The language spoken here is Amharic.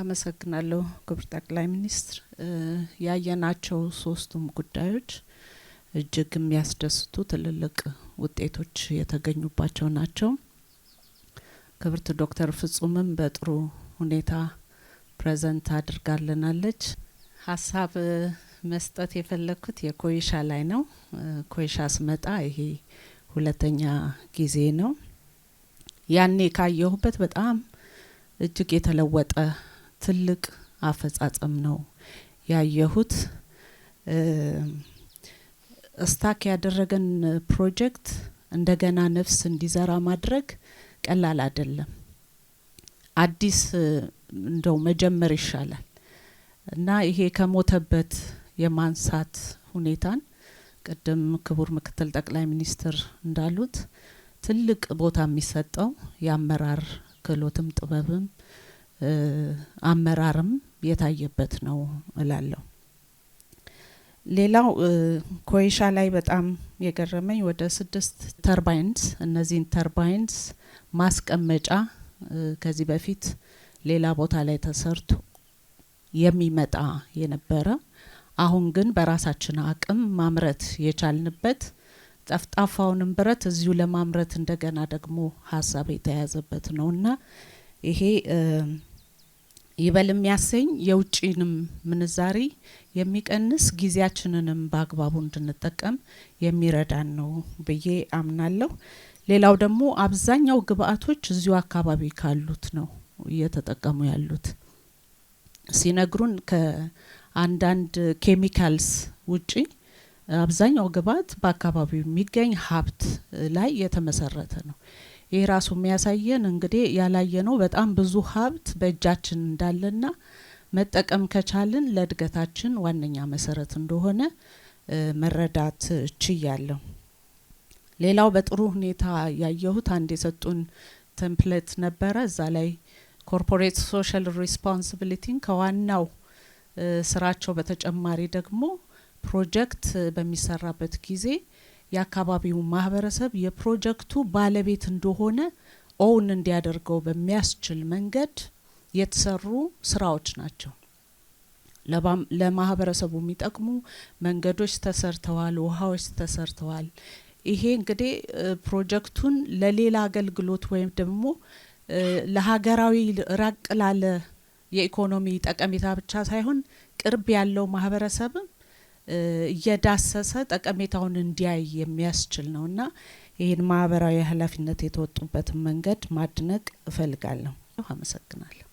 አመሰግናለሁ ክቡር ጠቅላይ ሚኒስትር። ያየናቸው ሶስቱም ጉዳዮች እጅግ የሚያስደስቱ ትልልቅ ውጤቶች የተገኙባቸው ናቸው። ክብርት ዶክተር ፍጹምም በጥሩ ሁኔታ ፕሬዘንት አድርጋልናለች። ሀሳብ መስጠት የፈለግኩት የኮይሻ ላይ ነው። ኮይሻ ስመጣ ይሄ ሁለተኛ ጊዜ ነው። ያኔ ካየሁበት በጣም እጅግ የተለወጠ ትልቅ አፈጻጸም ነው ያየሁት። እስታክ ያደረገን ፕሮጀክት እንደገና ነፍስ እንዲዘራ ማድረግ ቀላል አይደለም። አዲስ እንደው መጀመር ይሻላል እና ይሄ ከሞተበት የማንሳት ሁኔታን ቅድም ክቡር ምክትል ጠቅላይ ሚኒስትር እንዳሉት ትልቅ ቦታ የሚሰጠው የአመራር ክህሎትም ጥበብም አመራርም የታየበት ነው እላለሁ። ሌላው ኮይሻ ላይ በጣም የገረመኝ ወደ ስድስት ተርባይንስ እነዚህን ተርባይንስ ማስቀመጫ ከዚህ በፊት ሌላ ቦታ ላይ ተሰርቶ የሚመጣ የነበረ አሁን ግን በራሳችን አቅም ማምረት የቻልንበት ጠፍጣፋውንም ብረት እዚሁ ለማምረት እንደገና ደግሞ ሀሳብ የተያዘበት ነውና ይሄ ይበል የሚያሰኝ የውጭንም ምንዛሪ የሚቀንስ ጊዜያችንንም በአግባቡ እንድንጠቀም የሚረዳን ነው ብዬ አምናለሁ። ሌላው ደግሞ አብዛኛው ግብአቶች እዚሁ አካባቢ ካሉት ነው እየተጠቀሙ ያሉት። ሲነግሩን ከአንዳንድ ኬሚካልስ ውጪ አብዛኛው ግብአት በአካባቢው የሚገኝ ሀብት ላይ የተመሰረተ ነው። ይህ ራሱ የሚያሳየን እንግዲህ ያላየነው በጣም ብዙ ሀብት በእጃችን እንዳለና መጠቀም ከቻልን ለእድገታችን ዋነኛ መሰረት እንደሆነ መረዳት ችያለሁ። ሌላው በጥሩ ሁኔታ ያየሁት አንድ የሰጡን ተምፕሌት ነበረ። እዛ ላይ ኮርፖሬት ሶሻል ሪስፖንሲቢሊቲን ከዋናው ስራቸው በተጨማሪ ደግሞ ፕሮጀክት በሚሰራበት ጊዜ የአካባቢው ማህበረሰብ የፕሮጀክቱ ባለቤት እንደሆነ ኦውን እንዲያደርገው በሚያስችል መንገድ የተሰሩ ስራዎች ናቸው። ለማህበረሰቡ የሚጠቅሙ መንገዶች ተሰርተዋል፣ ውሃዎች ተሰርተዋል። ይሄ እንግዲህ ፕሮጀክቱን ለሌላ አገልግሎት ወይም ደግሞ ለሀገራዊ ራቅ ላለ የኢኮኖሚ ጠቀሜታ ብቻ ሳይሆን ቅርብ ያለው ማህበረሰብም እየዳሰሰ ጠቀሜታውን እንዲያይ የሚያስችል ነው እና ይህን ማህበራዊ ኃላፊነት የተወጡበትን መንገድ ማድነቅ እፈልጋለሁ። አመሰግናለሁ።